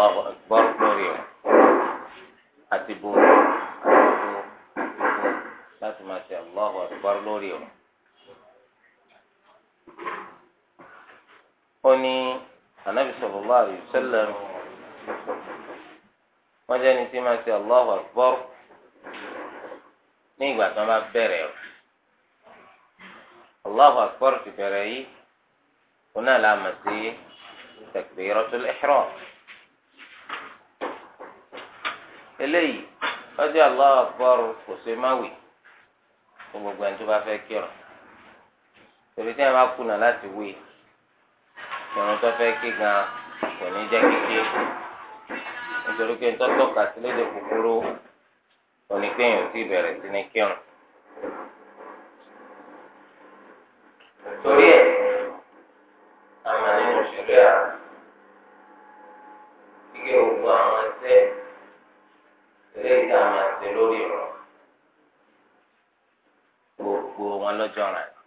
الله اكبر نوري اتبو بس ما شاء الله اكبر نوري اني النبي صلى الله عليه وسلم وجاني تي ما شاء الله اكبر ní ìgbà tán bá bẹ̀rẹ̀ rẹ̀ allahu akbar ti bẹ̀rẹ̀ yìí ó náà eléyìí ọ dị Akbar kò ṣe mawi, wì gbogbo ẹni tó bá fẹ́ ma torí tí wọn bá kùnà láti wí ìrun tó fẹ́ kí gan kò ní jẹ́ kíkí nítorí pé nítorí sí 就要来了。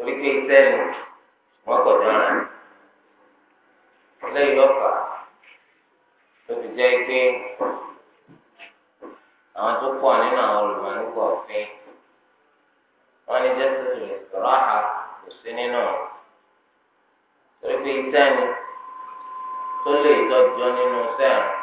torí pé iṣẹ́ ni wọ́n kọ̀ dára lẹ́yìn lọ́fà tó fi jẹ́ pé àwọn tó pọ̀ nínú àwọn olùmọ̀nìkọ̀ òfin wọ́n ní jẹ́sítì ìṣòro àhà kò sí nínú torí pé iṣẹ́ ni tó lè tọ́jú nínú sẹ́ẹ̀rùn.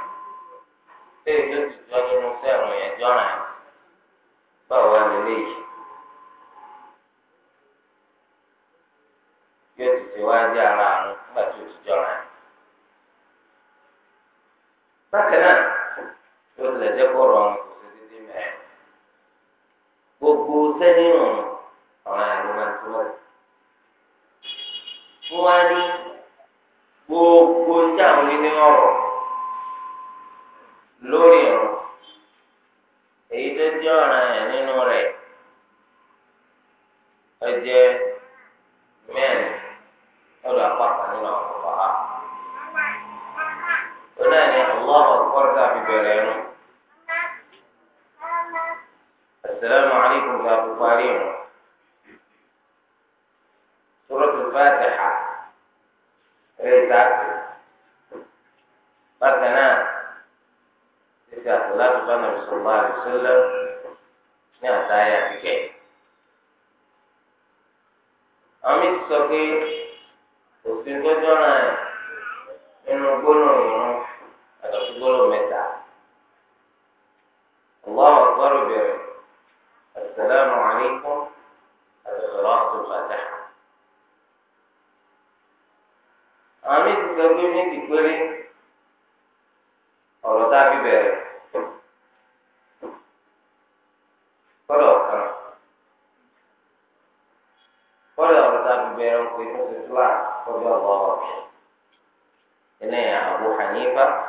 Hanifa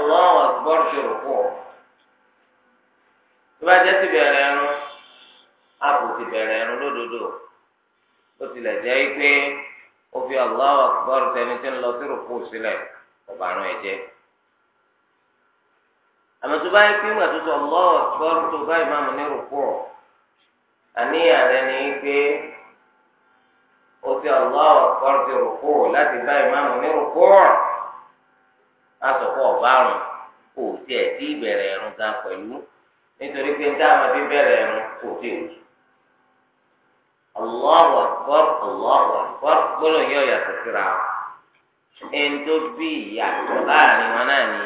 Allahu Akbar ṣe rúkú tó bá jẹ́ ti bẹ̀rẹ̀ ẹ̀rùn ààbò ti bẹ̀rẹ̀ ẹ̀rùn lódodo ó tilẹ̀ jẹ́ pé ó fi Allahu Akbar tẹni tí ń lọ sí rúkú sílẹ̀ ọ̀bà àrùn ẹ̀jẹ̀ àmọ́ tó bá yẹ pé ìgbà tó sọ Allahu Akbar tó bá ìmáàmù ní rúkú àníyàn rẹ̀ ni pé ó fi Allahu Akbar ti rúkú láti bá ìmáàmù ní rúkú rẹ̀ asọ̀kọ̀ ọ̀bárùn kò tiẹ̀ tí ìbẹ̀rẹ̀ ẹ̀rùn gan pẹ̀lú nítorí pé níta àwọn ti bẹ̀rẹ̀ ẹ̀rùn kò tí ò Allahu akbar Allahu akbar gbọ́dọ̀ yọ yàtọ̀ síra ẹni tó bí ìyàtọ̀ láàrin wọn náà ni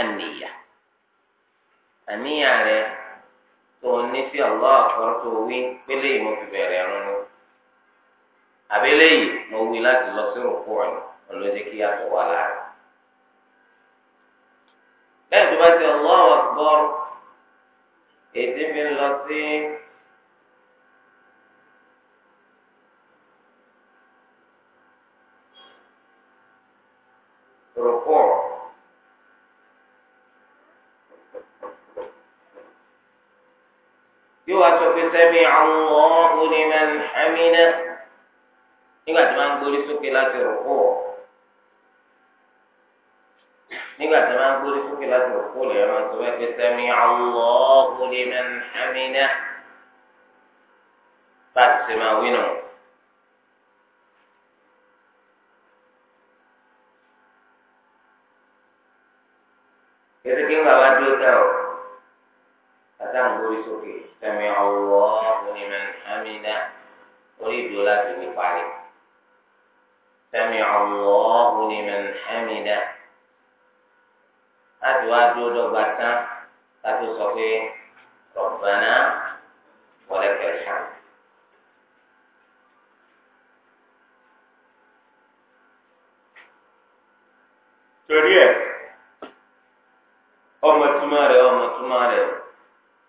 àníyà àníyà rẹ tó ní sí Allahu akbar tó wí pélé ìmọ̀ fi bẹ̀rẹ̀ ẹ̀rùn ni àbẹ́lẹ́yìí mo wí láti lọ sí òkú ọ̀nà ọ̀lọ́dẹ́kíyàtọ̀ wà láàrin lẹ́yìn tó bá ti Allahu Akbar èdè mi lọ sí rúkọ̀ yóò wá sọ pé sẹ́mi Allahu liman hamidah nígbà tí wọ́n ń gbórí sókè láti rúkọ̀ nígbà tí wọ́n gbórí sókè láti rò kó lè ẹ máa sọ wá pé sẹmi Allahu liman hamidah bá ti ṣe máa wí nù. kékeré bàbá dúró tẹ ọ bàtà ń gbórí sókè sẹmi Allahu liman hamidah orí ìdúró láti wí parí sẹmi Allahu liman hamidah láti wá dúró dọ́gba tán láti sọ pé Rabbana wa lakal hamd. torí ẹ ọmọ túmọ̀ rẹ ọmọ túmọ̀ rẹ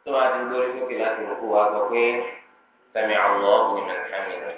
tó bá ti gbórí sókè láti rúkú wa gbọ́ pé sami'a Allahu liman hamidah.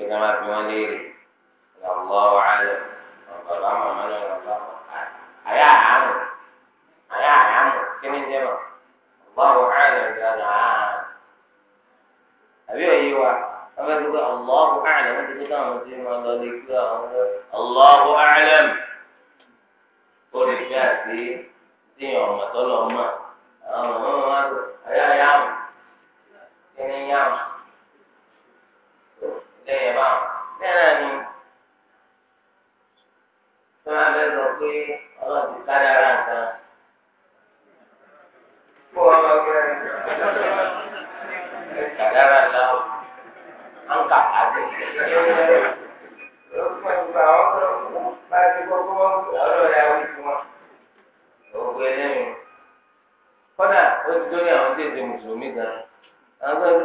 kí wọn fi wọn léèrè lọ́wọ́ àlẹ bàbá màmá náà lọ́wọ́ àyà àmù àyà àmù kí ni jẹ́ mọ̀ lọ́wọ́ àlẹ gbàdá àbí òye wa ọmọ ẹni pé ọlọ́wọ́ àlẹ wọn ti kí táwọn ti máa lọ lè kí àwọn ọmọ ọlọ́wọ́ àlẹ olùfẹ́ àti tíyan ọmọ tọ́lọ̀ mọ́ àwọn ọmọ wọn àyà àmù kí yàmù ẹ̀yẹ̀ bá bẹ́ẹ̀ ni tí wọ́n fẹ́ sọ pé ọlọ́run ti sáré ara nǹkan. Kó wọn lọ gbé ẹ kàdára ńlá o, à ń kà á dé. Ó fún ẹgbẹ́ àwọn ọ̀dọ́ bá ti gbogbo ọlọ́run ẹ̀ wí fún wọn. Ògbé lẹ́yìn. Kọ́dà ó ti dórí àwọn tí èsè mùsùlùmí gan-an. Àwọn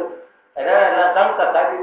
ẹ̀dá ẹ̀dá táǹkà kájú.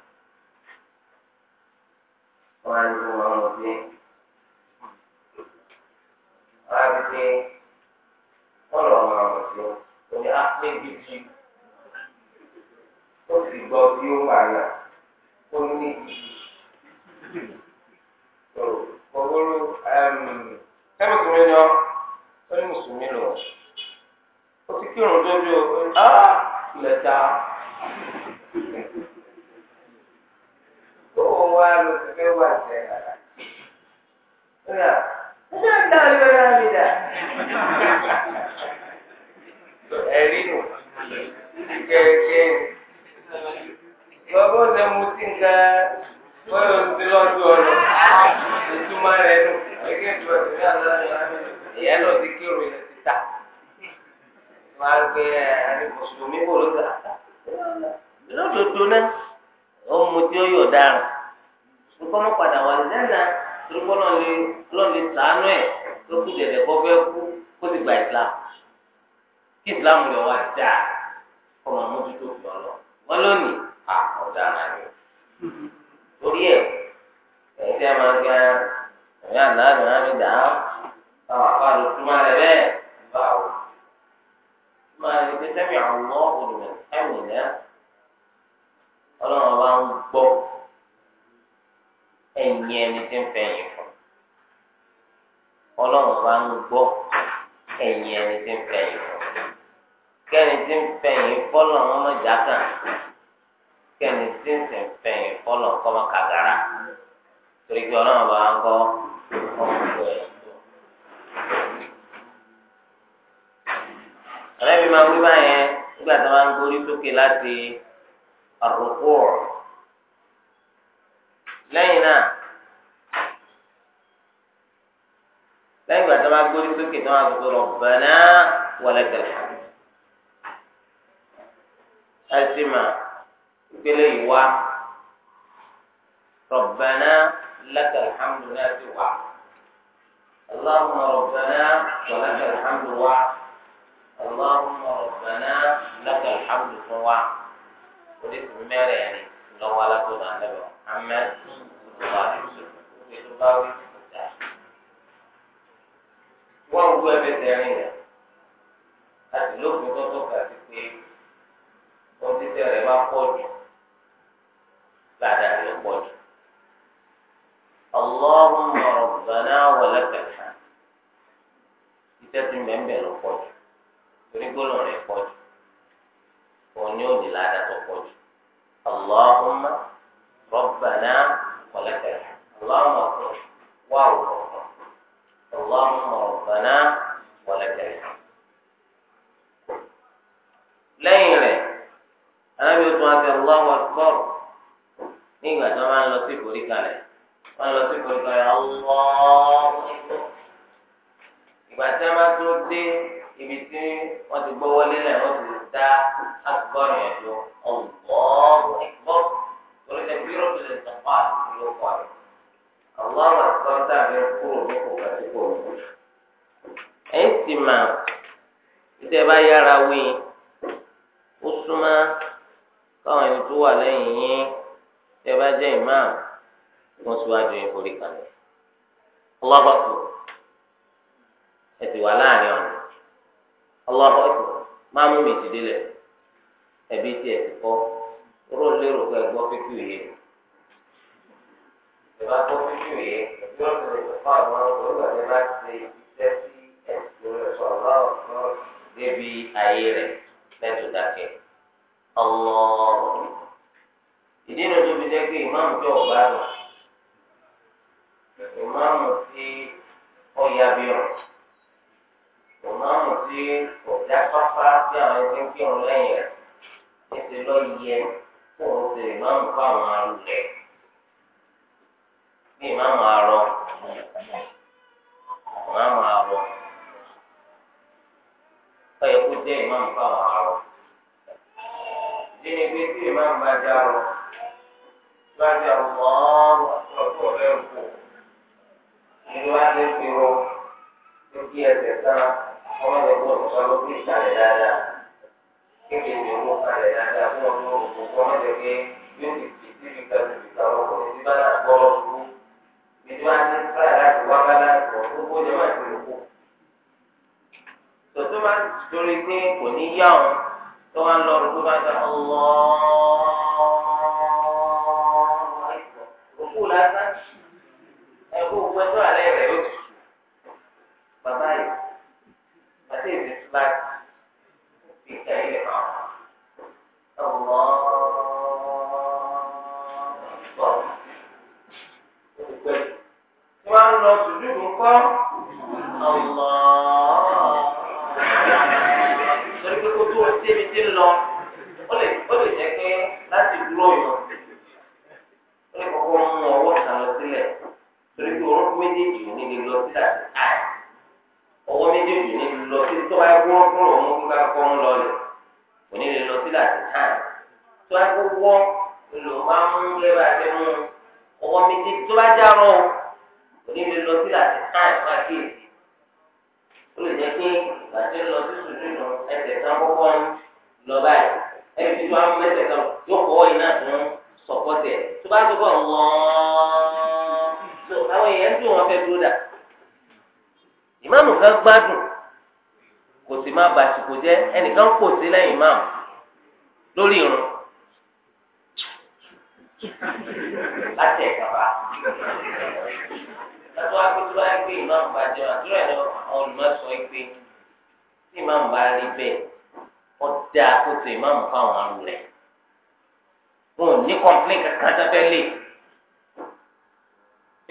wọn á ní kó wọn mú sí wọn á fi pé wọn lọ wọn mú sí o ní ápé ah, bíbí ó sì gbọ́ bí ó wà náà ó ní kòkòrò kẹ́mìkìrì ni ó ní mùsùlùmí lò ó ti kírun dójú ó ah, ilẹ̀ ta wá ló ti fẹ́ wà jẹ́ rárá. Ṣé ṣé ń dá ọjọ́ náà mi dà? Ẹ̀rí nù. Jẹ́ jẹ́ lọ́gbọ́n ṣe mu sí nǹkan wọ́n ń ti lọ́dún ọ̀rọ̀ ìtumọ̀ rẹ̀ nù. Ẹgbẹ́ ìtura ti ní àlọ́ ìyá lọ sí kí òròyìn ti ta. Wọ́n á gbé ẹni mùsùlùmí wò ló ta. Lọ́dọọdọ náà, ó mu tí ó yọ̀ dáhùn nkọ́mọ padà wà lẹ́nà torúkọ náà lè lọ́ọ̀lì sàánú ẹ̀ tó kú dẹ̀dẹ̀ kọ́ fẹ́ kú kó ti gba ìsìlám kí ìsìlám rẹ wá dáa ọmọ mójútó fi ọ lọ wọn lónìí à ọ̀dà náà torí ẹ ẹ̀yin tí a máa gbá ẹ̀yin àná àná àmì dà á báwa bá lọ túmọ̀ rẹ bẹ́ẹ̀ báwo máa ní pé sẹ́mi àwọn ọ̀rùn ẹ̀wìn náà ọlọ́run ọba ń gbọ́ ẹ̀yìn ẹni tí ń fẹ̀yìn fún ọlọ́run bá ń gbọ́ ẹ̀yìn ẹni tí ń fẹ̀yìn fún kẹ́ni tí ń fẹ̀yìn fọ́lọ̀ wọn mọ̀ jákà kẹ́ni tí ń sìn fẹ̀yìn fọ́lọ̀ kọ́ mọ́ kàgàrà torí pé ọlọ́run bá ń gbọ́ ọ̀pọ̀ ẹ̀. ọ̀rẹ́ mi máa wí báyẹn nígbà tí wọ́n ń gorí sókè láti àrùkù ọ̀rọ̀ lẹ́yìn náà lẹ́yìn ìgbà tí wọ́n bá gbórí sókè tí wọ́n á sọ Rabbana wa lakal hamd. ẹ̀sìnmà ìpele ìwà Rabbana lakal hamd náà ti wà. Allahumma Rabbana wa lakal hamd wà. Allahumma Rabbana lakal hamd fún wa. Ó lè lọ́wọ́ alátọ́nà àlẹ́bẹ̀ Muhammad sallallahu alaihi wasallam ètò bá wí ìta. wọ́n rú ẹgbẹ́ tẹ̀rín rẹ̀ láti lóògùn tó tọ́ka sí pé wọ́n ti tẹ̀ rẹ̀ bá pọ̀ jù ládàá rẹ̀ pọ̀ jù. Allahumma rabbana wa lakal hamd. Ìtẹ́sí mbẹ́mbẹ́ ló pọ̀ jù. Onígbóná rẹ̀ pọ̀ jù. Òun ni ó tó pọ̀ jù. اللهم ربنا ولك kọ́mọ́ jẹ́ pé yóò ti fi síbi kan níbi kan ọkọ̀ ní ti bá náà gbọ́ ọ̀rú ní ti bá ti ń sáyà láti wá bá láti wọ̀ gbogbo jẹ́ máa ti lòkù. tòtú máa ń torí kò ní yá òun tó wá ń lọ rúgbó bá ń sọ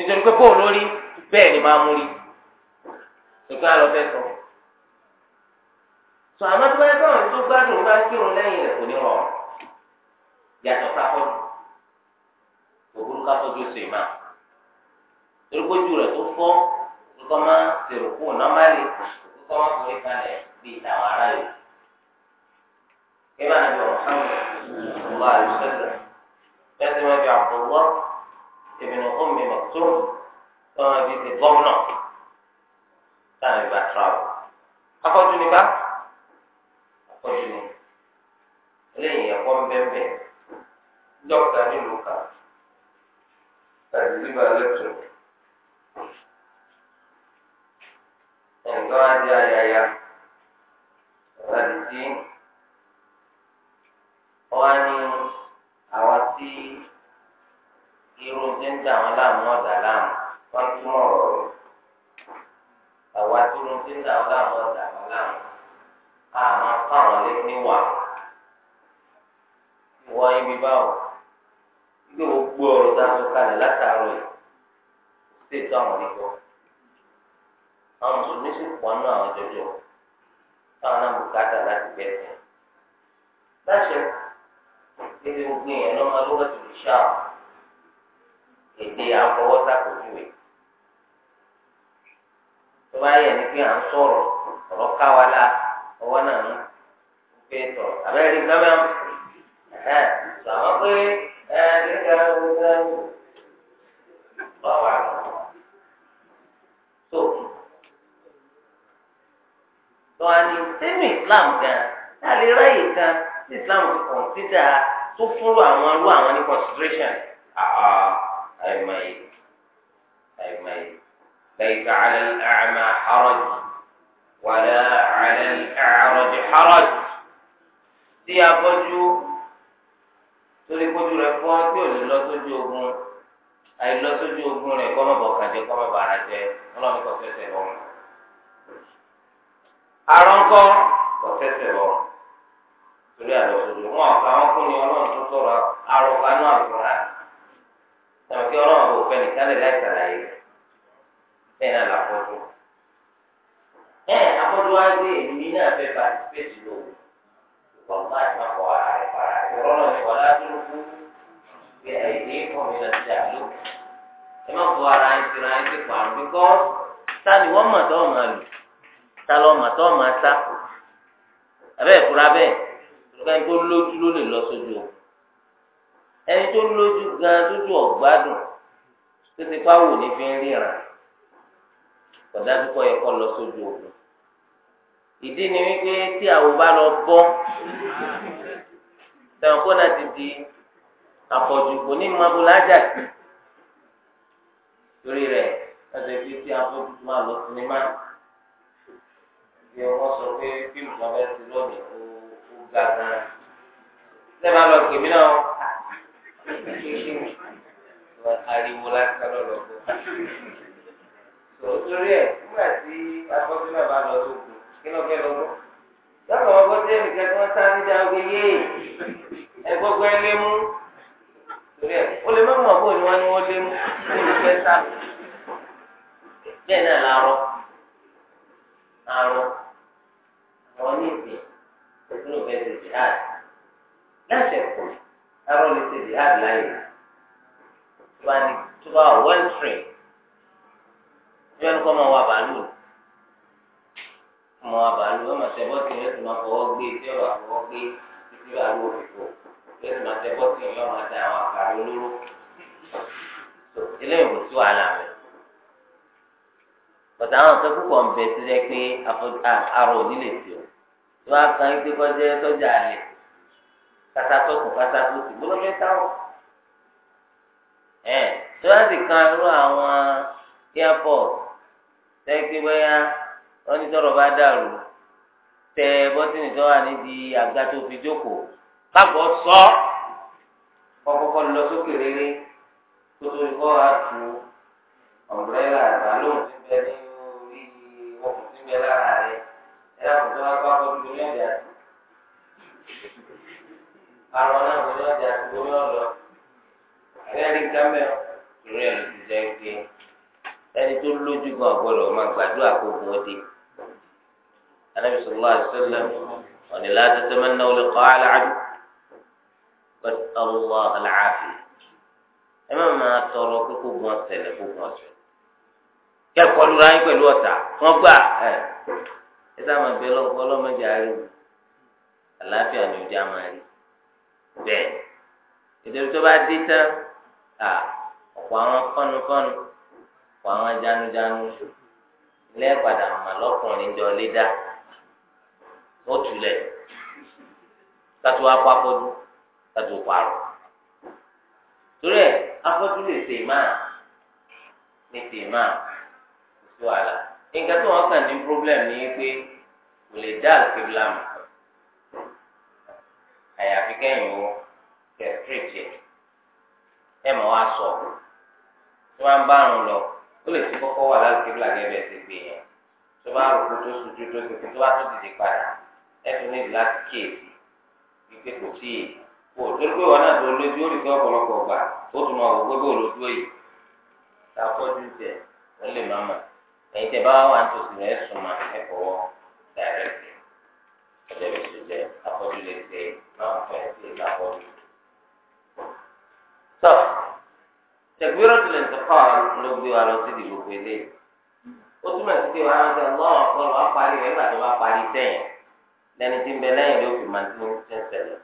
nítorí pé bóòlù rí bẹ́ẹ̀ ni máa mú rí nǹkan àlọ́ fẹ́ sọ. sọ àmọ́ tó bá yẹ kí ọ̀rẹ́ tó gbádùn bá kírun lẹ́yìn rẹ̀ kò ní rọrùn yàtọ̀ sáfọ́dù òbúrú ká tọ́jú sí ìmá erékójú rẹ̀ tó fọ́ nǹkan máa ṣèrò kú nọ́málì nǹkan máa sọ ìkàlẹ̀ bíi ìtàwọn ará yìí. kí bá nàbẹ̀ ọ̀hún sáwọn ọ̀hún àlùsẹ̀lẹ̀ bẹ́ẹ̀ ti máa fi àpò wọ́pọ̀ ibn Ummi Maktum tọ́wọ́n ti ti gọ́ọ̀nà táwọn ìgbà tíráwò. afọ́jú ni ká afọ́jú ni lẹ́yìn ẹ̀kọ́ ńbẹ́ńbẹ́ dọ́kítà nílùú kan láti bíbá lẹ́tọ̀ ẹ̀ńtọ́ ajé ayáyá láti tí wọ́n tí irú tí ń dà wọn láàmú ọ̀dà láàmú wọn túmọ̀ ọ̀rọ̀ rẹ̀ àwa tí irú tí ń dà wọn láàmú ọ̀dà wọn láàmú àmọ́ fáwọn lé níwà ìwọ ibi báwò ilé gbogbo ọ̀rọ̀ tá a sọ kalẹ̀ látàárọ̀ yìí ṣé ètò àwọn onígbọ́ àwọn mùsùlùmí sì pọ̀ nínú àwọn jọjọ táwọn náà bùkátà láti bẹ̀rẹ̀ láṣẹ gbẹdẹ gbogbo yẹn lọ́mọ lọ́wọ́ tó lè ṣáà. èdè àfọwọ́sàkójúwe tó bá yẹ ni pé à ń sọ̀rọ̀ ọ̀rọ̀ káwa la ọwọ́ náà ń pè tọ̀ abẹ́rẹ́ gbọ́mọ́ ẹ̀ sọ àwọn pé ẹ̀ nígbà gbogbo ọ̀wà tó tó a ní sínú Islam gan náà lè ráyè kan sí Islam kọ̀ǹsídà tó fúnrú àwọn àwọn ní consideration. àìmọye àìmọye. ليس على الأعمى حرج ولا على الأعرج حرج tí afọ́jú torí kójú rẹ̀ fọ́ tí ò lè lọ sójú ogun lọ sójú ogun rẹ̀ kọ́ mọ̀bọ̀ kàjẹ́ kọ́ mọ̀bọ̀ ara jẹ ọlọ́run kò fẹsẹ̀ arọ́ńkọ́ kò fẹsẹ̀ torí àlọ́ sójú wọn fún tàbí kí ọlọ́run kò fẹ́ nìkan lè láì sàlàyé bẹ́ẹ̀ náà làkọ́jú. ẹ akọ́jú wa gbé èmi náà fẹ́ patisipéètì lò ìgbọ̀n máa ti máa kọ ara rẹ̀ para rẹ̀ ọlọ́run ní wàlá dúró fún pé àìdí kan mi lọ sí àlọ́ ẹ má kọ ara yín síra yín sí pàrọ̀ bíkọ́ ta ni wọ́n mọ̀ tó ọmọ lò ta lọ́ mọ̀ tó ọmọ sá abẹ́ ìfura bẹ́ẹ̀ ló ẹni tó lójú gan dúdú ọ̀gbádùn tó ti pa wò ní fi ń ríran ọ̀dájú kọ́ yẹ kọ́ lọ sójú ogun ìdí ni wípé tí àwọn bá lọ bọ́ tẹ̀wọ̀n kó náà ti di àpọ̀jù kò ní mọ abúlé ajá sí torí rẹ̀ ẹsẹ̀ fi ti afọ́jú tó máa lọ sinimá bí wọ́n sọ pé fíìmù kan fẹ́ẹ́ ti lọ́ọ̀nì ó ga gan-an lẹ́ẹ̀ máa lọ kèmí náà. ariwo lásán lọ́lọ́ kó. lọ sókun kí ló sá ẹ lé mú. Sòtórí ẹ̀ má mọ̀ bó ni wọ́n lé mú ní ìlú sá. Bẹ́ẹ̀ ẹ̀rọ lè ṣe jihad láyè tó bá ní tó bá well trained tí wọ́n kọ́ máa wà bàálù mọ àbàlù ọmọ sẹbọ tí yẹn ti máa fọwọ́ gbé tí ọba fọwọ́ gbé títí báwo òfìfo yẹn ti máa sẹbọ tí yẹn máa da àwọn àkàrà olóró eléyìí kò sí wàhálà rẹ bàtà àwọn tó púpọ̀ ń bẹ sí jẹ́ pé àrò ah, ò ní o tí wọ́n á kan ike kọjá sọ́jà àlè kàtà sọ́kùn kàtà sósì bó ló fẹ́ táwọn. ẹ tó yá sì kan irú àwọn airport tẹ́kí bóyá wọ́n ní tọ́rọ̀ bá dàrú tẹ bọ́tìnì tó wà níbi àga tó fi jókòó káàbọ̀ sọ kọ́kọ́kọ́ lọ sókè rere tó tó kọ́ àtú ọ̀mbrẹ́là àbálòun ti bẹ ní orí ọkùnrin ti bẹ lára rẹ ẹ̀rọ àkùnrin tó wá kọ́ àkọ́kọ́ tó lẹ́yìn àti arọ náà wọ́n ní ọjà àti wọ́n ní ọ̀lọ́ abẹ́rẹ́ gámẹ́ ìrìn ẹ̀ ló ti jẹ́ pé ẹni tó lójú gan ọ̀gbọ́dọ̀ máa gbàdúrà kó gun ọdẹ anabi sallallahu alaihi wasallam ọ̀nì láti tẹ́tẹ́ máa ń náwó lè kọ́ aláàdú pẹ̀lú ọlọ́ aláàfin ẹ má máa tọrọ pé kó gun ọ̀sẹ̀lẹ̀ kó gun ọ̀sẹ̀ kẹ́kọ̀ọ́ lura yín pẹ̀lú ọ̀tá wọ́n gbà ẹ̀ ẹ sáà bẹ ọlọ́mọdé àárẹ̀ àlàáfíà ni ojú àmà rí bẹ́ẹ̀ nítorí tó bá dé tán à ọ̀pọ̀ àwọn kọ́nukọ́nu ọ̀pọ̀ àwọn janujanu lẹ́ẹ̀padà mà lọ́kùnrin jọ lé dá ó tulẹ̀ kátó wá pápọ́dú kátó parọ́ torí ẹ̀ afọ́jú lè ṣe ìmáà ní ti ìmáà sí wàhálà nǹkan tó wọn kàn ní problem ní pé kò lè dá àlùkébílà mọ́. àyàfi kẹ́yìn o kẹfìrìtì ẹ mọ̀ wá sọ tí bá lọ ó lè ti wà láti ti gbé yẹn bá rò kó tó sojú tó tó tó dìde padà ẹ tún níbi láti wípé kò sí èyí kò tó wọn náà tó lójú ó lè gbà ó tún máa wò gbogbo olójú èyí a ẹlẹ́bi ti jẹ afọ́jú lè ṣe máa fún ẹ sí ìlà afọ́jú. tọ́ tẹ̀gbírọ̀ tilẹ̀ ti kọ́ ló gbé wa lọ sí ìdìbò pélé ó túmọ̀ sí pé wàá ṣe lọ́wọ́ ọ̀pọ̀lọ́ wá parí rẹ̀ nígbà tó bá parí sẹ́yìn lẹ́ni tí ń bẹ lẹ́yìn ló fi máa ti ń ṣẹ̀ṣẹ̀lẹ̀.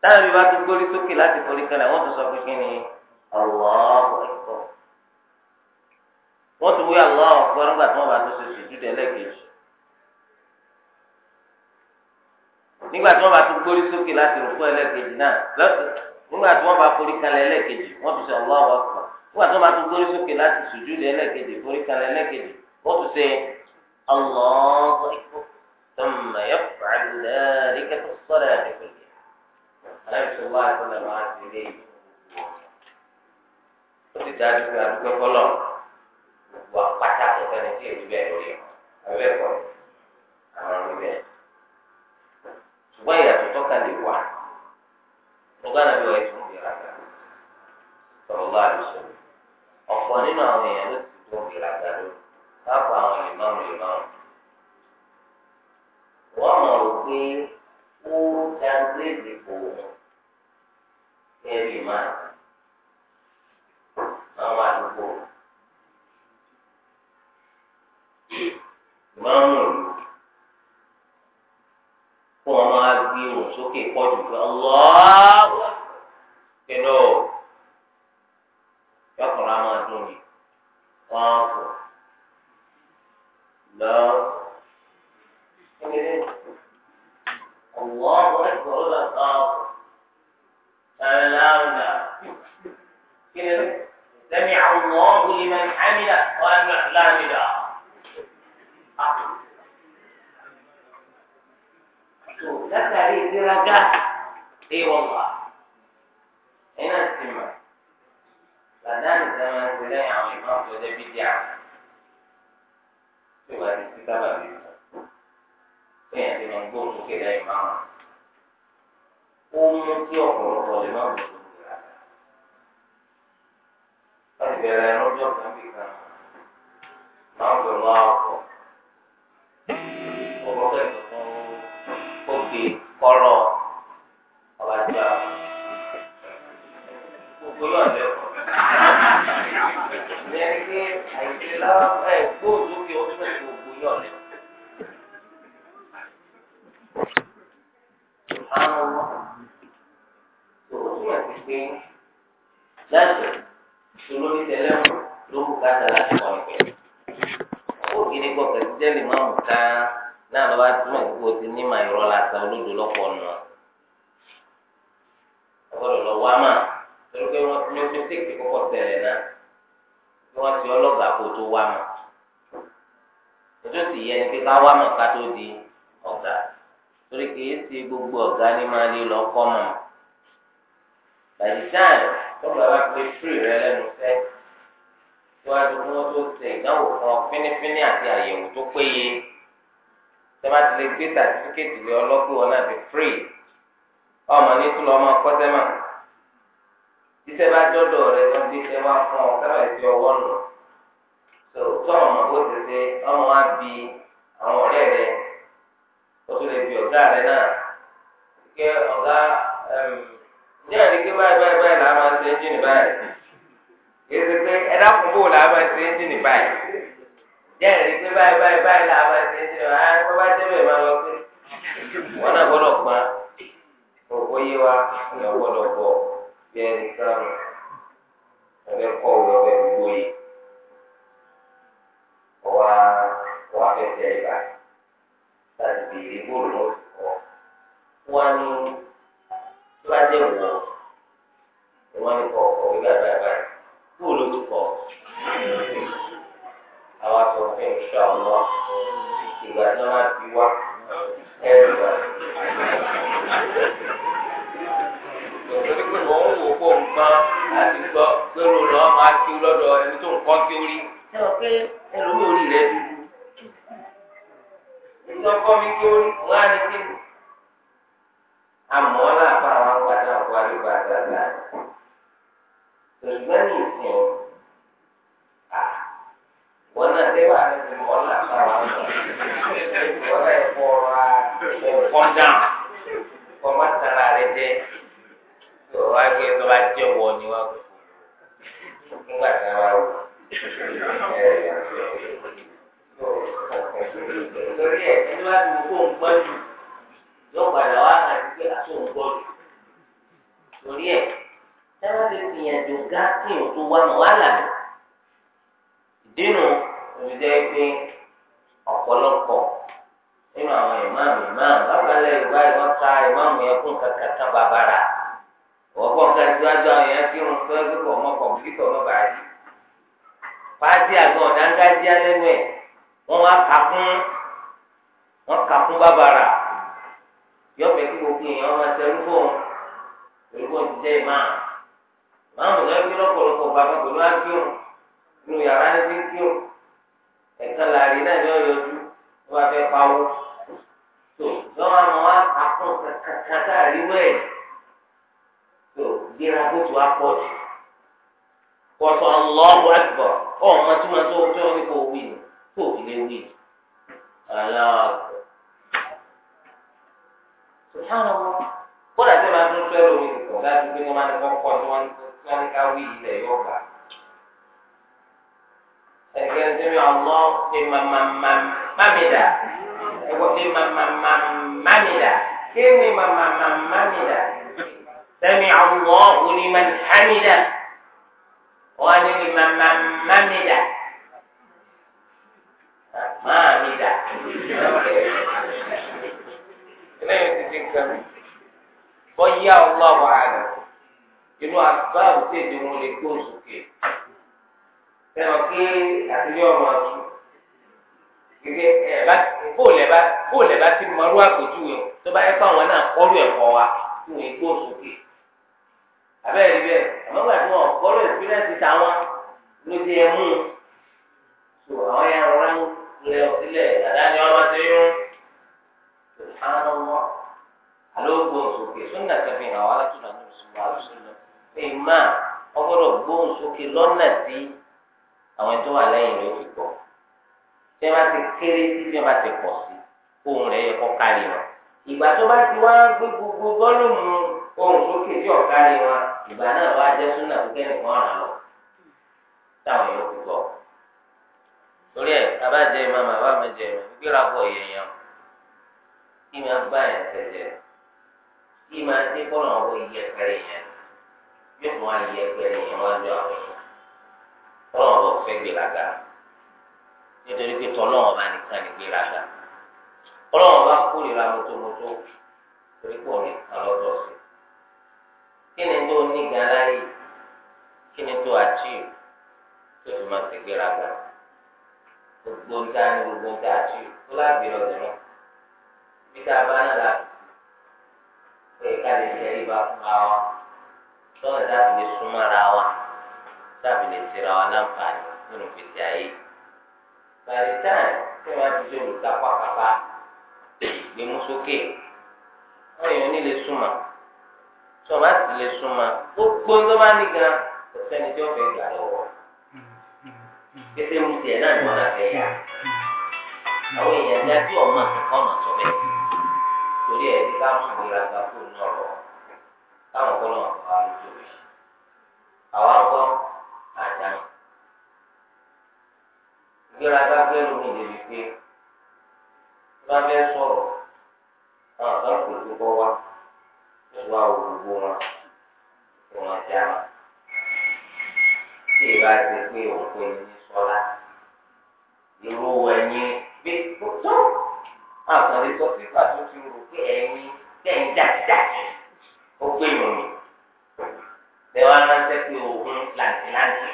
táwọn ibi bá ti gbórí sókè láti forí kalẹ̀ wọ́n ti sọ pé kí ni ọ̀wọ́ ẹ̀kọ́ wọ́n ti wí àwọn ọ̀pọ̀ nígbà tí wọ́n bá tó ṣe sùdúdẹ̀ lẹ́ẹ̀kejì nígbà tí wọ́n bá tún gbórí sókè láti rúkú ẹlẹ́ẹ̀kejì náà lọ́sẹ̀ nígbà tí wọ́n bá forí kalẹ̀ ẹlẹ́ẹ̀kejì wọ́n tún ṣe Allahu Akbar nígbà tí wọ́n bá tún gbórí sókè láti sùjúdù ẹlẹ́ẹ̀kejì forí kalẹ̀ ẹlẹ́ẹ̀kejì wọ́n tún ṣe Allahu Akbar thumma yaf'alu dhalika fi as-salati kullaha aláìsọ̀lá ìfọ̀lẹ̀ máa ti lé yìí ti dájú pé adúgbò kọ́lọ̀ gbogbo apáta ìfẹ́ni tí èyí bẹ́ẹ̀ lórí ẹ̀ ṣùgbọ́n ìyàtọ̀ tọ́ka lè wà nígbà náà bí wọ́n ti ń gbéra ga sọ̀rọ̀ bá a lè sọ ọ̀pọ̀ nínú àwọn èèyàn ló ti tó gbéra ga ló láàpọ̀ àwọn ìmáàmù ìmáàmù wọ́n mọ̀ rò pé ó dáńgírèdì kò kẹ́rì máa àwọn àdúgbò ìmáàmù kó o máa gbé ohùn sókè pọ̀jù pé ọlọ́wọ́ kẹ́lọ́ yọkùnrin á máa dùn yìí wọ́n kù lọ. الله أكبر ولا أكبر سلام كده سمع الله لمن حمده ولم يحلم látàrí ìdíraga èèwọ̀ wà ẹ̀yin náà ti mọ̀ làdáni sẹ́wọ̀n ń pè lẹ́yìn àwọn ìmọ̀ ọ̀tọ̀jẹ́ bí díà tí wàá di sí sábà bí sọ bẹ́ẹ̀ ti mọ̀ gbóhùn sókè lẹ́yìn máa ó mú kí ọ̀pọ̀lọpọ̀ lè má wù ú wọ́n ti bẹ̀rẹ̀ lọ́jọ́ kan bí kan máa ń pè wọ́n á kọ̀ kẹ́kọ̀ọ́ kọ́rọ̀ ọba gba gbogbo náà lẹ́kọ̀ọ́. Ní ẹni pé àìsí lára ẹ̀ gbóòdù kí o tún ìlú ògbó yọ̀ lẹ̀. Àwọn ọmọ tòun tún yà sí pé láti ìṣòro ní tẹ́lẹ̀ mú ló mú káta láti kọ́ ẹ̀kẹ́. Àwọn ògidì gbọ́ pẹ̀lú jẹ́lì máa mú ká náà lọ́ba túmọ̀ ìkú o ti ní ma ìrọ̀ làtà olódò lọ́pọ̀ nù ọ́ ọgbọ́dọ̀ lọ wá mà torí pé wọ́n ti ní mistake kọ́kọ́ tẹ̀lẹ̀ náà kí wọ́n ti ọlọ́gàá kó tó wá mà ojú sì yẹ ni pé ká wá mà ká tó di ọ̀gá torí kì í ṣe gbogbo ọ̀gá ni máa lè lọ kọ́ mà bàjìtàn tọ́gbà bá pé fírì rẹ lẹ́nu fẹ́ síwájú kí wọ́n tó ṣe ìdánwò fún ọ fínífíní àti àyẹ̀wò tó péye. sẹ́mà ti lè gbé sàtífíkẹ́tì rẹ ọlọ́gbọ́n náà fi firi ọmọ ní tó lọ ọmọ kọ́sẹ́mà iṣẹ́ bá dọ́dọ̀ rẹ wọ́n ti ṣe wá fún ọ sábà ti ọwọ́ nù tó ọmọ ó ti ṣe ọmọ bi àwọn ọ̀rẹ́ rẹ ó tún lè bi ọ̀gá rẹ náà kẹ ọ̀gá ní àdìgẹ́ báyìí báyìí báyìí làá jẹ́rìí pé báyìí báyìí báyìí là bá ti ṣe ọ̀ ẹ́ bá ti bẹ̀rẹ̀ máa lọ pé wọn náà gbọ́dọ̀ pa òkò yé wa ìyá gbọ́dọ̀ bọ̀ bí ẹni kan ẹgbẹ́ kọ́ òwe ọbẹ̀ gbogbo yìí ọwọ́ àwọn afẹ́fẹ́ ìgbà láti bèèrè bóòlù lọ́sùn kọ́ wọn ni tó bá dé wọ̀ ọ́ wọn ni kọ́ ọ̀kọ́ gbígbà báyìí báyìí bóòlù tó kọ́ ọ àwọn asòfin ìṣe ọmọ ìgbà tí wọn máa fi wá ẹrù rẹ. Nítorí pé wọ́n ń wò kó nǹkan láti gbọ́ pérò lọ́ máa kí lọ́dọ̀ ẹni tó ń kọ́ kí ó rí. Ẹ lọ pé ẹlòmí orí rẹ̀ dúdú. Ìjọ kọ́ mi kí ó rí wọ́n á ní kí ni. Àmọ́ lápá àwọn àgbàdo àgbàdo bàtà láti. Ṣùgbọ́n ní ìsìn nǹkan mi bọ́yá ọlọ́wọ́ àná inú àgbáwò tí èdè wọn lè gbó sókè fẹ́ràn kí àtúnyẹ ọmọ àtú gẹ́gẹ́ ẹ̀ bá bóòlù ti mọ̀rú tó bá yẹ fáwọn náà kọ́rù ẹ̀kọ́ wa kí wọ́n gbó sókè abẹ́rẹ́ bẹ́ẹ̀ àmọ́ gbà tí wọ́n kọ́rù táwọn ló ti ẹ̀ mú tó àwọn yẹn rán alo gbóhùn sókè sunna kan hàn na látọ̀dọ̀ ní bisimilá àlùsílẹ̀ má ọgbọ́dọ̀ gbóhùn sókè lọ́nà tí àwọn wà lẹ́yìn ti kéré sí ti pọ̀ sí ohun rẹ̀ yẹ kárí wọn ìgbà tó bá ti wá gbé gbogbo bọ́lùmù ohun sókè tí ò kárí wọn ìgbà náà wá jẹ́ kí máa dé kọ́nà ọ̀wọ́ iye ẹgbẹ́rẹ́ yẹn yóò mú ayé ẹgbẹ́rẹ́ yẹn wá lọ àwọn èèyàn kọ́nà ọ̀wọ́ fẹ́ gbéraga nítorí pé tọ́lọ́ ọba nìkan ní gbéraga kọ́nà ọba kórìíra mọ́tòmọ́tò torí pé òun nìkan lọ́dọ̀ sí kí ni tó ní gàrá yìí kí ni tó àchíw tó fi máa ti gbéraga gbogbo ń dá ní gbogbo ń dá àchíw kó lágbèrè ọ̀dẹ̀ náà bí dáa bá náà láti. ẹ̀ka lè tẹ ìgbà fúnra wa lọ́nà táàbì lè súnmọ́ra wa táàbì lè tẹ̀ra wa láǹfààní nínú ìgbésí ayé. Bàrí tí wọ́n ti ṣe olùkápá kápá lè mú sókè. Wọ́n èèyàn ní lè súnmọ́. lè súnmọ́, gbogbo tó bá ní gan, kò sẹ́ni tí fẹ́ gbà lọ́wọ́. Kété mu tiẹ̀ náà ni wọ́n á fẹ́ yà. Àwọn èèyàn ní adé ọ̀mọ́ àti torí ẹ̀ ká mú ìgbéraga kó nù ọ̀rọ̀ káwọn kọ́ lọ́wọ́ fún rẹ̀ àwa ń kọ́ àjà ìgbéraga gbẹ́rù mi débi pé bá fẹ́ sọ̀rọ̀ àwọn kan kò tó kọ́ wa wọn wọ́n tí ti pé òun pé ní àwọn ọ̀rẹ́ sọ pípa tó ti rò pé ẹ̀yin tẹ̀yìn dájúdájú ó pé ìròyìn ẹ wá ránṣẹ́ pé oògùn làǹtìláǹtì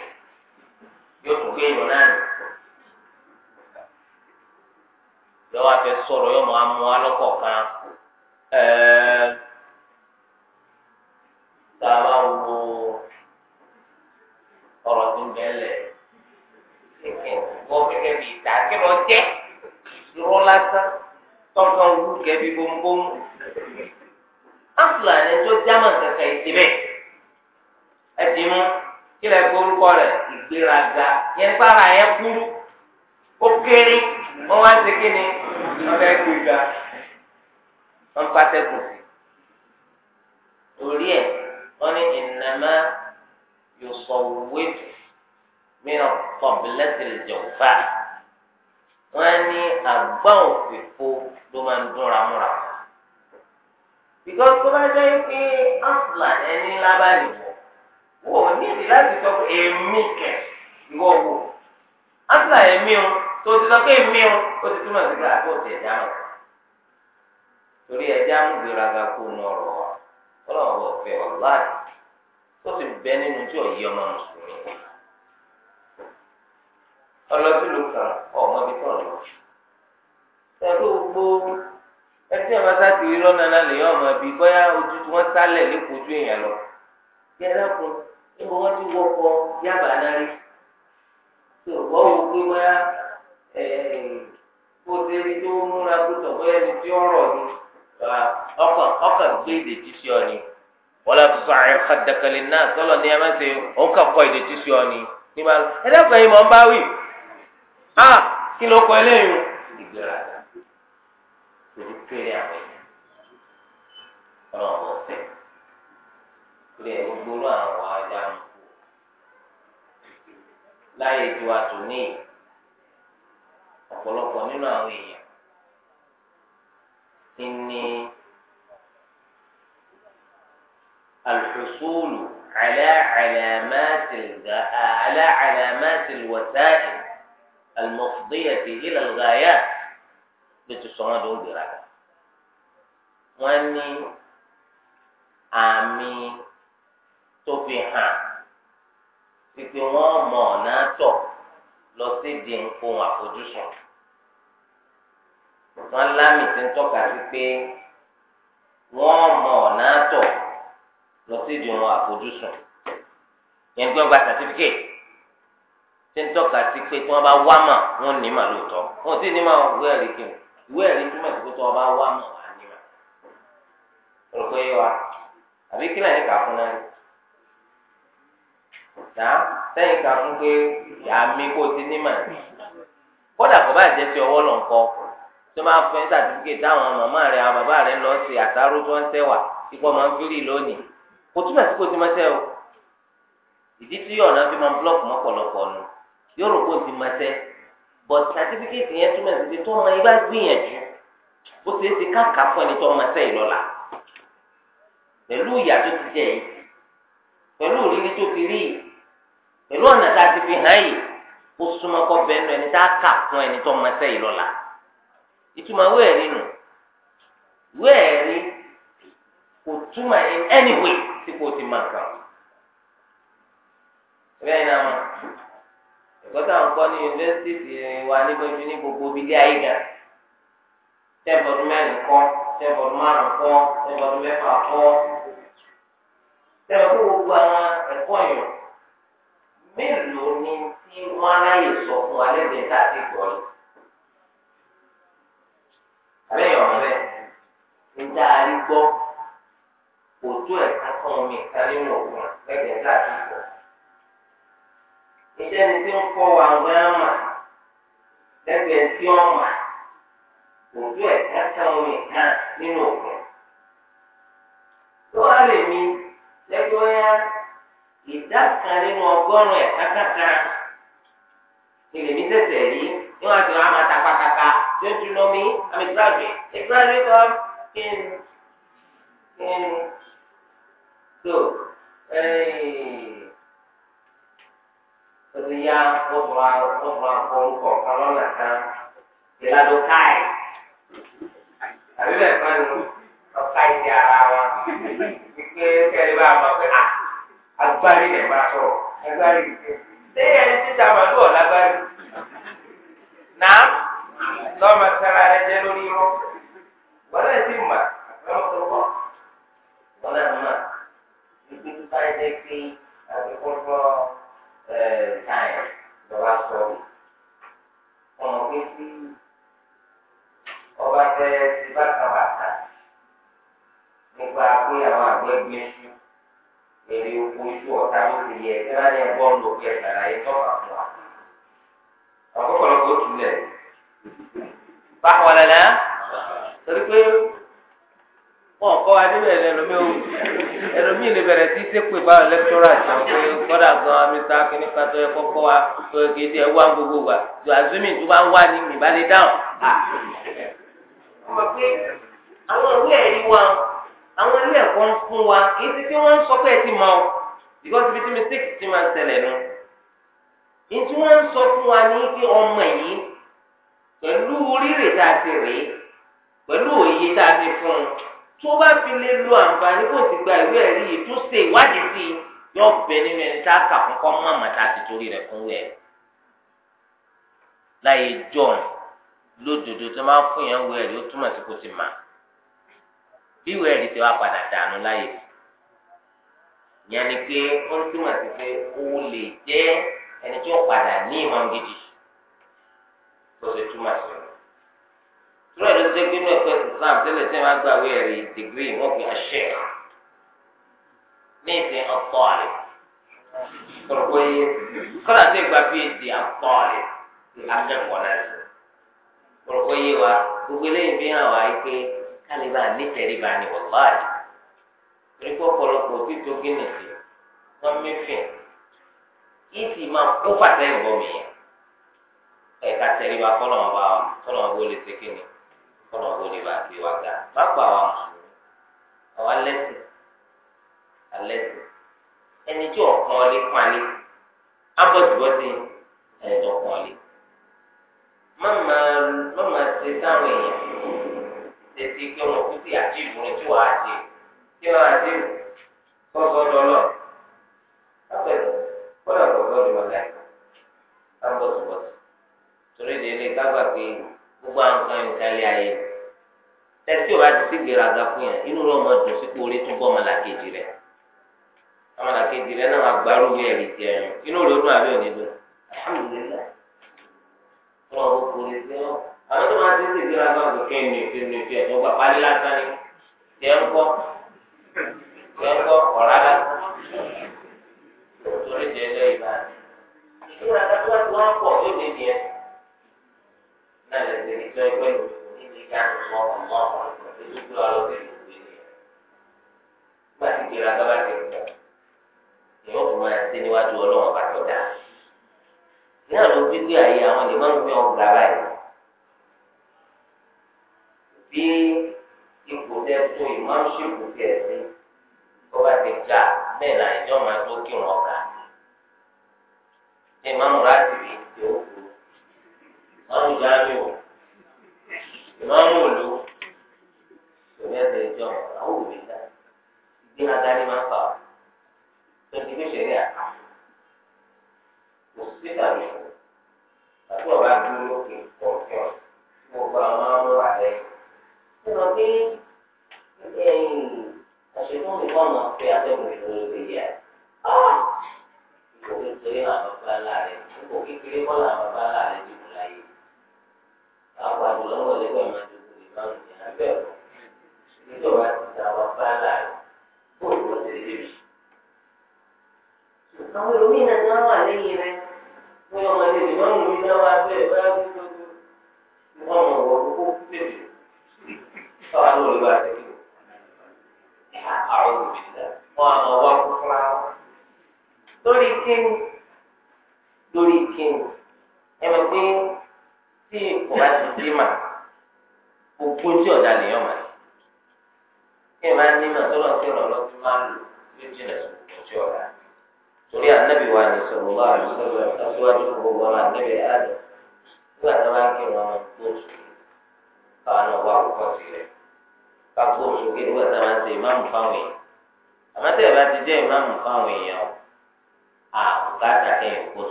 yóò tún pé ìròyìn náà nì. lọ́wọ́ afẹ́ sọ̀rọ̀ yóò máa mú alọ́kọ̀ kan tá a bá wo ọ̀rọ̀ tó ń bẹ́lẹ̀ wọ́n gẹ́gẹ́ bí ìta kí lọ jẹ́ ìrọ́ lásán tọ́ka ojú kẹbi bombomu afúlàní tó jámà kẹkẹ ìdíbẹ ẹdìmú kílẹ̀ orúkọ rẹ̀ ìgbéraga yẹn sára yẹn kúrú ó kéré wọn wá sí kíni wọn fẹẹ gbé ga wọn pàtẹkùn torí ẹ wọn ní ìnàmá yòsọwétò mìíràn pọbìlẹsì lè jẹ òfà. wọ́n ní àgbá òfìfo ló máa ń dúnra múra. because tó bá jẹ́ pé asla ẹni lábàlì wò wò níbi láti sọ pé èmi kẹ ìwọ wò asla èmi o tó ti sọ pé èmi o ó ti túmọ̀ torí ẹ̀dá kó wa ọ̀láàdì ó nínú tí ò yí ọmọ ọlọ́sílù kan ọmọbi tó lọ. pẹ̀lú gbogbo ẹtí ẹ̀ma sáti rí lọ́nà náà lè yọ ọmọ ibi bóyá ojú tí wọ́n sálẹ̀ lẹ́kọ̀ọ́ ojú èèyàn lọ. bí ẹlẹ́kùn níbo wọ́n ti wọ́pọ̀ yábà náà rí. tó wọ́n wò pé bóyá kó débi tó múra kótó bóyá ẹni tí ọ̀rọ̀ ni ọkàn ọkàn gbé ìdèjì sí ọ ni. wọ́n lọ sọ àyẹ̀ kàdàkàlẹ̀ náà sọ́lọ́ ní ẹ má ṣe òun kà kọ́ ìdèjì sí ọ ni. ẹ dẹ́kun ẹ̀yin mọ̀ ń bá wí á kí ló kọ eléyìí ìgbéraga torí péré àwọn èèyàn ọlọ́run ọ̀fẹ́ torí ẹ̀ gbogbo àwọn ajá ń kú láyé ju àtúní ọ̀pọ̀lọpọ̀ nínú àwọn èèyàn ìní على علامات الوسائل. المفضية إلى الغايات لتصعد بركة wọ́n ní àmì tó fi hàn pípé wọ́n mọ̀ ọ̀nà tọ̀ lọ sí di nǹkan àfojúsùn wọ́n lámì tí ń tọ́ka sí pé wọ́n mọ̀ ọ̀nà lọ sí di nǹkan àfojúsùn yẹn gbọ́n gba ṣé ń tọ́ka sí pé tí wọ́n bá wá mà wọ́n ní mà lóòótọ́ wọ́n sì ní mà ìwé ẹ̀rí kí o ìwé ẹ̀rí túmọ̀ sí pé tí wọ́n bá wá mà wá ní mà. rò pé wa àbí kí lẹ́yìn kà fún náà tá sẹ́yìn kà fún pé àmì kò ti ní mà kódà kò bá jẹ́ ti ọwọ́ lọ nǹkan tó máa fún ẹ́ sàtífíkẹ̀tì àwọn màmá rẹ̀ àwọn bàbá rẹ̀ lọ sí àtàrò tó ń tẹ̀wà o ìdí tí ọ̀nà fi máa ń blọ́ọ̀kì mọ́pọ̀lọpọ̀ nù yóò rò pé o ti máa tẹ but certificate yẹn túmọ̀ sí pé tó ọmọ yìí bá gbìyànjú ó ṣeé ṣe káàkà fún ẹni tó ọmọ tẹ ìlọ́la pẹ̀lú ìyà tó ti jẹ yìí pẹ̀lú òrírí tó ti rí pẹ̀lú ọ̀nà tá a ti fi hàn yìí ó súnmọ́ kọ́ bẹ́ẹ̀ nù ẹni tá a kà fún ẹni tó ọmọ tẹ ìlọ́la ìtumọ̀ wẹ́ẹ̀rí nù wẹ́ẹ̀rí kò túmọ̀ in any way tí kò ti máa kàn bẹ́ẹ̀ náà gbọ́dọ̀ nǹkan ní yunifásitì ti wà níbẹ̀jú ní gbogbo bílẹ̀ ayé gan. tẹ́bọ̀dún mẹ́rin kọ́ tẹ́bọ̀dún márùn-ún kọ́ tẹ́bọ̀dún mẹ́fà kọ́. tẹ́bọ̀dún gbogbo àwọn ẹ̀kọ́ yàn mélòó ni tí wọ́n aláyè sọ fún wa lẹ́gbẹ̀ẹ́ tá a ti gbọ́ yìí. abẹ́yẹ̀ ọ̀rọ̀ rẹ̀ ń dá a rí gbọ́ òtún ẹ̀ka kan omi ìka nínú òkun lẹ́gbẹ̀ẹ́ tá ti gbọ́ ìjẹni tí ń kọ wà gbọ́n mà lẹ́gbẹ̀ẹ́ tí ó mà òjú ẹ̀ kẹta omi kan nínú òkun. tó wá lè mi lẹ́gbẹ́ ya ìdá kan nínú ọgọ́rùn-ún ẹ̀ kákàkà ìlèmí tẹ̀sẹ̀ rí níwọ̀n àti wọn a máa tapá kaka tó ń tún lómi àmì gbàgbé ìgbàgbé kan kí n kí n tó ẹ̀ẹ́ tòtò ya gbogbo gbogbo akórúkọ ọlọ́nà kan ìlànà káì àbí bẹ́ẹ̀ fẹ́ nu ọ̀ka ìdí ara wọn wípé kẹ́lẹ́ bá a mọ̀ pé agbárí lè máa sọ̀rọ̀ agbárí ṣé ẹni tí ta màlúù ọ̀lágbárí náà lọ́mọ sára rẹ jẹ́ lórí irọ́. lè bẹ̀rẹ̀ sí sépè bá lẹ́kítọ́rà jẹun pé kọ́dà gan mr akínní pàtó ẹ kọ́kọ́ wa tó kéde ẹ wá gbogbo wa tó azumi tó bá ń wá ní mi bá lè dáhùn. ọmọ pé àwọn ìwé ẹ̀rí wa àwọn ilé ẹ̀kọ́ ń fún wa kì í ti tí wọ́n ń sọ pé ẹ ti mọ ọ because ibi tí mistake ti máa ń ṣẹlẹ̀ nu. ìtí wọ́n ń sọ fún wa ní kí ọmọ yìí pẹ̀lú rírè tá a ti rèé pẹ̀lú òye tá a ti fún un tó bá fi lè lo àǹfààní kò sì gba ìwé ẹ̀rí yìí tó ṣe ìwádìí sí i yóò bẹ nínú ẹni tá a kà fún kọ́ mọ́ àmọ́ tá a ti torí rẹ̀ fún wẹ̀. láyé john lódodo tó máa ń fún yẹn wẹ̀ ẹ̀rí ó túmọ̀ sí kó ti mà bí ìwé ẹ̀rí ti wá padà dànù láyé ìyẹn ni pé ó ń túmọ̀ sí pé ó lè jẹ́ ẹni tó padà ní ìmọ̀ gidi tó ṣe túmọ̀ sí i sọ èdè tó gbé náà pẹ̀lú Islam tẹ́lẹ̀ tẹ́lẹ̀ máa gbàwé ẹ̀rí dìgírì wọn fi àṣẹ ní ìsìn ọ̀pọ̀ àlè sọ̀rọ̀ pé kọ́lá tẹ́ gba phd ọ̀pọ̀ àlè akẹ́kọ̀ọ́ náà sọ̀rọ̀ pé yé wa gbogbo eléyìí fi hàn wá pé kálíbà nífẹ̀ẹ́rí bá ní wọ́n báyìí torí pé ọ̀pọ̀lọpọ̀ tí tó gbé náà sí wọ́n mẹ́fìn yìí máa kó fàtẹ́yìnbọ̀ mi ẹ̀ka tẹ̀lé bá kọ́lọ̀ wọn bá wọn kọ́lọ̀ wọn bó lè ṣe kéde kọ́nà owó lè bá gbé wa ga pápá wa mọ̀ àwọn alẹ́sìn alẹ́sìn ẹni tí ọ̀kan ọlé pali abọ́sibọ́sí ẹni tó kàn ọlé mọ́mọ́ mọ́mọ́ ṣe sáwọn èèyàn ṣe ti pé wọn kú sí àti ìmúrin tí wàá ṣe kí wọn àti kọ́sọ́ dọ́lọ́ abẹ́rẹ́ kọ́nà kọ́sọ́ dọ́lọ́ láì abọ́sibọ́sí torí ìdílé kágbà pé gbogbo àwọn nǹkan nǹkan lé ayé tẹsí ò bá ti sí gbéraga fún yàn inú rẹ ọmọ dùn sípò orí túbọ̀ ọmọlàkejì rẹ ọmọlàkejì rẹ náà agbárò wí ẹ̀rí tiẹ̀ yàn inú rẹ ọdún àbí òní dùn alhamdulilayi wọn ò kò lè ṣe wọn àwọn tó máa ti sí gbéraga ọ̀gbìn kí ni fi ni fi ẹ̀jọ̀ gbà pálí lásán ni tiẹ̀ ń kọ́ tiẹ̀ ń kọ́ ọ̀rá lásán torí jẹ́ ẹlẹ́yìn báyìí ìgbéraga tó wá pọ̀ yóò dé náà lè ṣe ní tó ẹgbẹ́ ìlú ní ká mọ ọmọ ọmọ àti dúdú alọ́bẹ̀ ìlú gbé ní. nígbà tí ìgbéra bá bá ti pọ̀ ni ó fún wa ṣe níwájú ọlọ́wọ́n bá tó dá. ní àlọ́ gbígbé ayé àwọn lè má ń fi ọ̀gá báyìí. bí ipò tẹ tó ìmọ̀ọ́ṣẹ́kù tiẹ̀ sí tó bá ti ga bẹ́ẹ̀ náà ìjọba tó kírun ọ̀gá. ìmọ̀ọ́mù láti rí ìdíwọ́ ìmáàmù jáde o ìmáàmù òlu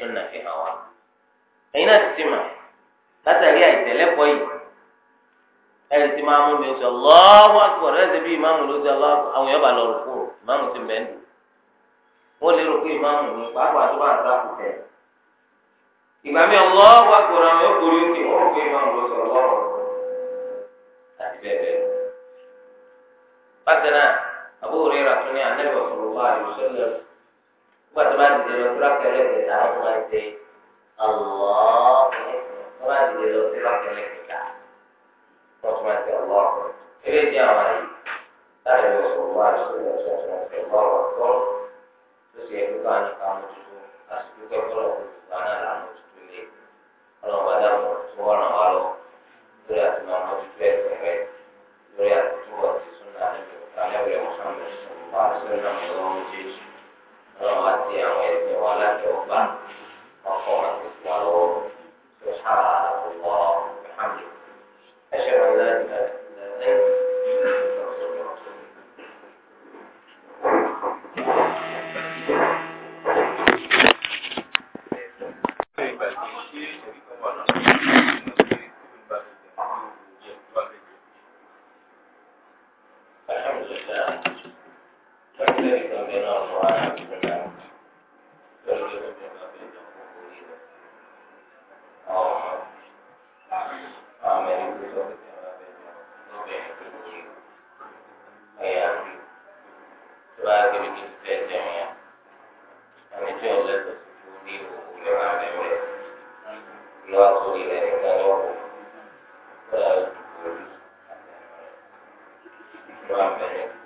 súnà fi hàn wá ti ma mà látàrí àìtẹ́lẹ́kọ̀ọ́ yìí ẹ̀rí ti máa mú mi sọ lọ́wọ́ àtúwọ̀ rẹ̀ lọ rò fún ti mẹ́ndù ní pàápàá ati bá ń sá kù tẹ̀. ìgbà mi lọ́wọ́ àtúwọ̀ rẹ̀ àwọn èèyàn kórè gbàtí máa dìde lọ sí lákẹ́lẹ́ kẹta ó máa ṣe ọlọ́ọ̀ ó máa dìde lọ sí lákẹ́lẹ́ kẹta wọ́n tún máa ṣe ọlọ́ọ̀ eré ní àwọn àyè láì lọ sọ wá sílẹ̀ sọ̀tún ọ̀sẹ̀ lọ́rọ̀ tó tó ṣe ẹ̀kú bá nípa mójútó àsìkò kẹ́kọ̀ọ́ òkùnkùn náà là mójútó lé ọlọ́run bá dàpọ̀ tó wọ́n ràn wá lọ lórí àti máa mójútó ẹ̀sìn rẹ lórí àti túbọ̀ ti súnà níbi ìpàlẹ́ rẹ̀ mọ́sánmẹ́sì wà sílẹ̀ náà lọ́wọ́ méjèèjì ọlọ́run àti àwọn ẹ̀sìn wa láti ọ̀gbà ọkọ̀ àti Amen.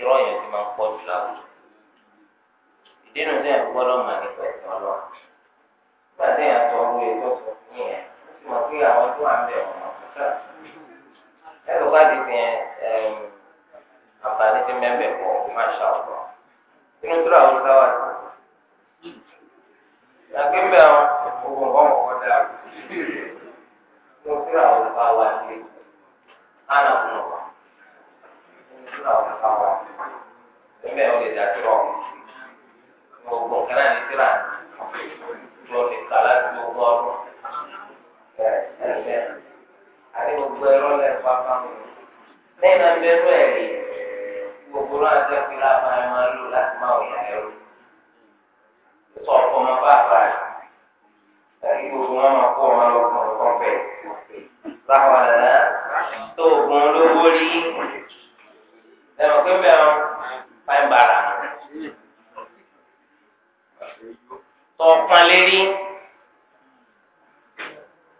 irọ́ yẹn ti máa pọ̀ jù láwùjọ. ìdínà tí yẹn gbọ́dọ̀ mà nípa ẹ̀sìn ọlọ́run. nígbà tí yẹn sọ owó ètò sọ fún yẹn ó sì mọ̀ pé àwọn tó wà bá di àǹfààní pọ̀ inú tó sáwà sí. ìyàgbé mbẹ́ kan inú tó sáwà nínú àwọn ọ̀sán wọn níbẹ̀ ó lè dájọ́ gbogbo kẹ́lá ní síra lọ ní kàlá ní gbogbo ọdún ẹ̀ẹ́dẹ́gbẹ́ àti gbogbo ẹ̀rọ lẹ́ẹ̀fà fáwọn lẹ́yìn náà bẹ́ẹ̀ lọ ẹ̀rí gbogbo náà jẹ́ pé láàbà ẹ̀ máa lò láti máa wọ̀nyà ẹ̀rú ẹnu pé mẹ́rin fain bara tọ̀pọ̀n lérí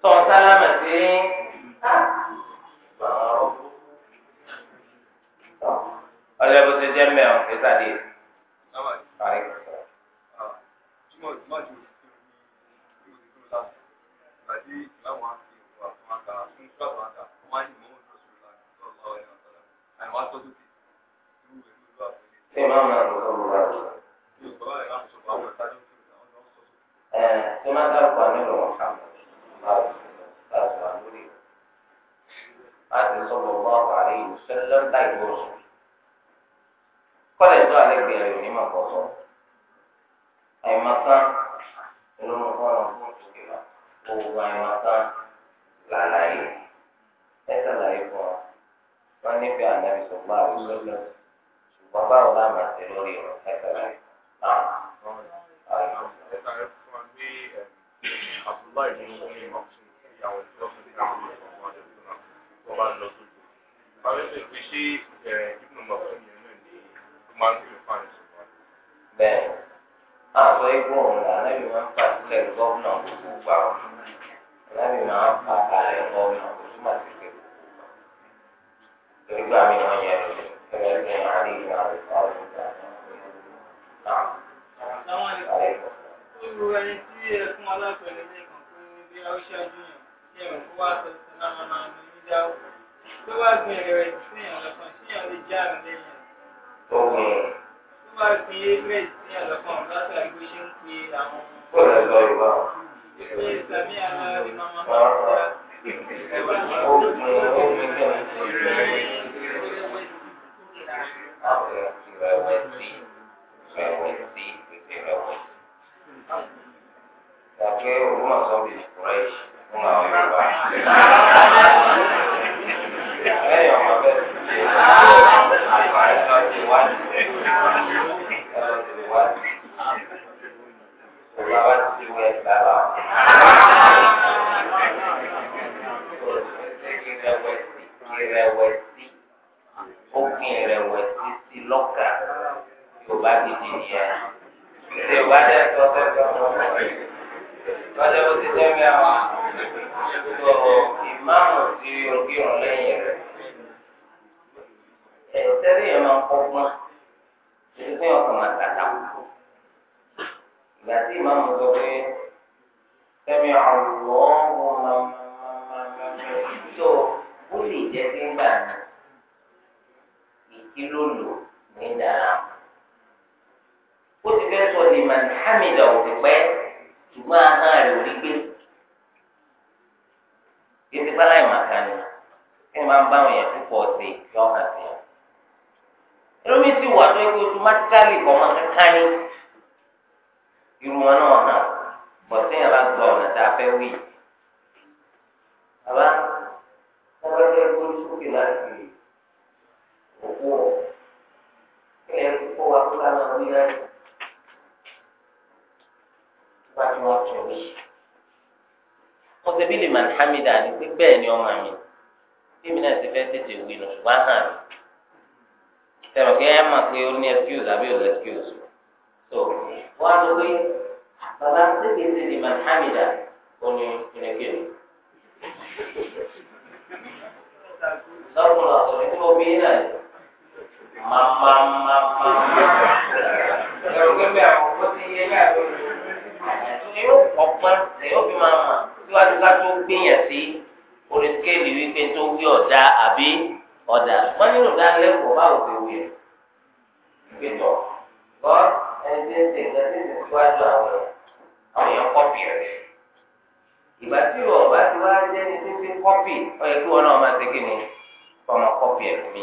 tọ̀sálámà sí ọ̀rẹ́ bó ti jẹ́ mẹ́rin kí ṣé máa máa lò ó lọ́wọ́ rẹ̀. ẹ ṣé máa dárúkọ nílò wọn kà báwo láti wà lórí rẹ̀. láti sọ̀rọ̀ bá àwárí ìlú sẹ́lẹ̀ láì bọ̀ sùn. kọ́lẹ̀ tó alẹ́ gbẹ̀rẹ̀ ò ní máa kọ́ sọ. àìmọ̀kan ló ń kọ́ ọ̀rọ̀ fún ìṣèlú gbogbo àìmọ̀kan làlàyé ẹ sàlàyé fún wa wọn níbi ànábìsọ̀gbà àwùjọ lọ́sọ̀ bàbá ò bá máa ṣe lórí rẹ̀ ẹ̀ka rẹ̀ náà. Abdullahi ni wọ́n ní ìmọ̀kùn ìyàwó tí wọ́n fi ń dáhùn ní ọ̀gbọ́n àdúgbò náà tó bá ń lọ sójú. Àwọn ẹgbẹ́ ìpè ṣé ìbùnú mọ̀kùn yẹn náà ni ó máa ń fi ìfà ní ṣùgbọ́n. Bẹ́ẹ̀ àtọ́ igbó máa ń fà sílẹ̀ gọ́ọ̀nà gbogbo gbà ọ́. Lẹ́bi máa ń fà kalẹ̀ gọ́ọ̀nà kò túmọ̀ سمعتني علي بن ابي طالب نعم السلام عليكم irú ẹni tí ẹ fún alápẹ̀lẹ̀ lẹ́kàn pé bí a ó ṣáájú yàn kí ẹ̀rọ kó wá sọ sí náà máa ní yíyá ó tó wá gbin ẹ̀rẹ̀ síyàn lọ́kàn síyàn lè já àmì lẹ́yìn rẹ̀. tó wá gbin ewé síyàn lọ́kàn látàrí bó ṣe ń pe àwọn ọmọ ìwé ìsàmì ara rẹ̀ máa máa bá wà. ó gbin ó gbin ẹ̀rẹ̀ táwọn èèyàn ti rẹ̀wẹ̀sì rẹ̀wẹ̀sì tètè rẹ̀wẹ̀sì. Gàkẹ́ Ògbómọ̀ṣọ́ bí fresh fún àwọn Yorùbá. Lẹ́yìn ọmọ bẹ́ẹ̀ ti ṣe àìsàn ti wádìí. Ẹ̀rọ ti wádìí. Òlàwá ti wẹ̀ sára. Ìrẹ̀wẹ̀sì ìrẹ̀wẹ̀sì ó pín ìrẹ̀wẹ̀sì ti lọ́kà yorùbá gidi nìyẹn ṣe yorùbá dẹ́ sọ tẹ́tẹ́ lọ́jọ́ bó ti tẹ́lẹ̀ àwọn sọ̀rọ̀ ìmáàmù tí orúkírun lẹ́yìn rẹ̀ ẹ̀ẹ́dẹ́rẹ́ yẹn máa ń kọ́gbọ́n èyí pé ọkàn máa tàtà kù ìgbà tí ìmáàmù sọ pé tẹ́mi àwòrán ọ̀hún máa tó bó lè jẹ́ sí ń gbà ní ìkí ló ìdá ó ti fẹ́ sọ ní manhamida ò ti pẹ́ ṣùgbọ́n ahọ́n rẹ̀ ò rí gbé ètò ìpàlà ìmàkà ni kí ni máa ń bá àwọn èèyàn púpọ̀ ṣe yọ ọ̀hàn sí ọ. ẹlòmíín sì wà tó ẹgbẹ́ oṣù mátíkálì kọ́ máa kankan ní irú wọn náà hàn bọ̀ sẹ́yìn bá gba ọ̀nà tá a fẹ́ wí. bàbá wọ́n fẹ́ kó sókè láti òkú ọ̀ ẹ̀yẹ kó wa kó ká máa wí láyé bá tí wọ́n tún wí. ọ̀sẹ̀ bí lè màn hamida ni pé bẹ́ẹ̀ ni ọmọ mi bí mi náà ti fẹ́ tètè wí nù ṣùgbọ́n hàn mí. sẹ̀rọ̀ kí ẹ máa pé ó ní excuse àbí ò lè excuse. so wọ́n á lọ pé bàbá tètè ti lè màn hamida ó ní ìrìnkèrè. lọ́kùnrin ọ̀sọ̀rọ̀ tí mo bí náà mamamama. ẹ̀rọ gbẹ́gbẹ́ àkọ́kọ́ ti yé láàárọ̀ yìí. àtúnyẹ yóò kọ́pọ́n lè yóò fi máa mà síwájú ká tó gbìyàn sí orí skéèlì wípé tó wí ọ̀dà àbí ọ̀dà. wọ́n nílò dánilẹ́kọ̀ọ́ báwo fi wuyẹ̀. ìgbésọ̀ bọ́ ẹni tí ń ṣe nǹkan tí ń ṣe síwájú àwọn àwọn èèyàn kọ́pì rẹ̀. ìgbà tí ìwọ ọba ti wá jẹ́ni tí ń ṣe kọ́pì ọ̀yẹ́ kí wọn náà máa ṣe kí ni ọmọ kọ́pì ẹ̀ fún mi.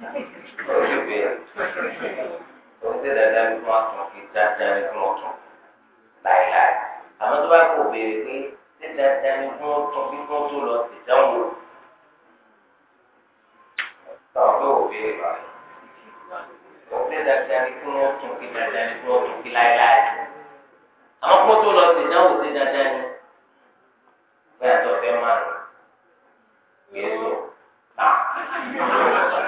lórí ìbéèrè ó ti dáadáa ní fún ọtún kí dáadáa ní fún ọtún láìláì àmọ́ tó bá kò béèrè pé ṣé dáadáa ní fún ọtún kí fún tó lọ sí ìdánwò táwọn tó wò béèrè báyìí ó ti dáadáa ní fún ọtún kí dáadáa ní fún ọtún kí láìláì àmọ́ fún tó lọ sí ìdánwò ṣe dáadáa ní bẹ́ẹ̀ tó fẹ́ máa yẹ sọ náà.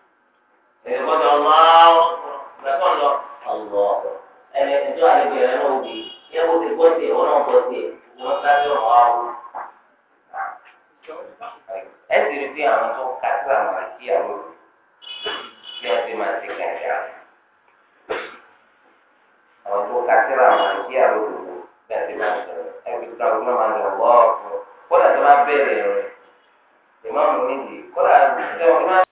èyí kọ́ sọ máa gbàtọ́ lọ ọ̀wọ́ ẹni ìjọ àlejò rẹ̀ náà wí yẹ kó ti gbọ́ sí ìwọ náà gbọ́ sí ìwọ sáájú ọ̀wọ́ àwọn. ẹ sì rí bí àwọn tó ká sí àwọn àti àwọn bí a ti máa ti kàṣà àwọn tó ká sí àwọn àti àwọn òdòdó bí wọ́n ti máa sọ̀rọ̀ ẹgbẹ́ tó káwọn náà máa lọ wọ́ ọ̀pọ̀ kódà máa bẹ̀rẹ̀ rẹ̀ ìmọ̀ mi nìyí kódà tó máa.